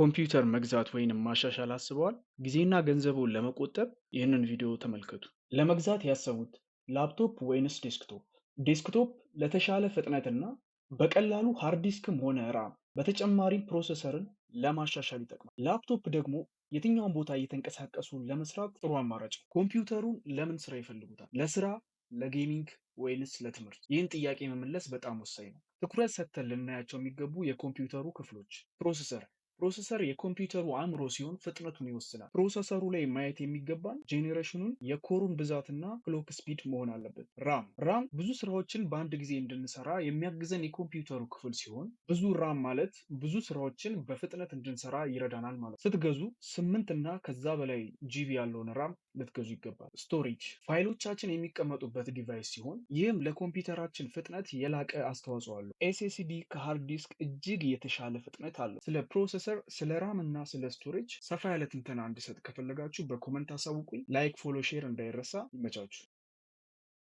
ኮምፒውተር መግዛት ወይንም ማሻሻል አስበዋል? ጊዜና ገንዘቡን ለመቆጠብ ይህንን ቪዲዮ ተመልከቱ። ለመግዛት ያሰቡት ላፕቶፕ ወይንስ ዴስክቶፕ? ዴስክቶፕ ለተሻለ ፍጥነትና በቀላሉ ሃርድ ዲስክም ሆነ ራም በተጨማሪም ፕሮሰሰርን ለማሻሻል ይጠቅማል። ላፕቶፕ ደግሞ የትኛውን ቦታ እየተንቀሳቀሱ ለመስራት ጥሩ አማራጭ ኮምፒውተሩን ለምን ስራ ይፈልጉታል? ለስራ፣ ለጌሚንግ ወይንስ ለትምህርት? ይህን ጥያቄ መመለስ በጣም ወሳኝ ነው። ትኩረት ሰጥተን ልናያቸው የሚገቡ የኮምፒውተሩ ክፍሎች ፕሮሰሰር ፕሮሰሰር የኮምፒውተሩ አእምሮ ሲሆን ፍጥነቱን ይወስናል። ፕሮሰሰሩ ላይ ማየት የሚገባን ጄኔሬሽኑን፣ የኮሩን ብዛትና ክሎክ ስፒድ መሆን አለበት። ራም ራም ብዙ ስራዎችን በአንድ ጊዜ እንድንሰራ የሚያግዘን የኮምፒውተሩ ክፍል ሲሆን ብዙ ራም ማለት ብዙ ስራዎችን በፍጥነት እንድንሰራ ይረዳናል ማለት። ስትገዙ ስምንት እና ከዛ በላይ ጂቢ ያለውን ራም ልትገዙ ይገባል። ስቶሬጅ ፋይሎቻችን የሚቀመጡበት ዲቫይስ ሲሆን ይህም ለኮምፒውተራችን ፍጥነት የላቀ አስተዋጽኦ አለው። ኤስኤስዲ ከሃርድ ዲስክ እጅግ የተሻለ ፍጥነት አለው። ስለ ፕሮሰሰር፣ ስለ ራም እና ስለ ስቶሬጅ ሰፋ ያለ ትንተና እንድሰጥ ከፈለጋችሁ በኮመንት አሳውቁኝ። ላይክ፣ ፎሎ፣ ሼር እንዳይረሳ። ይመቻችሁ።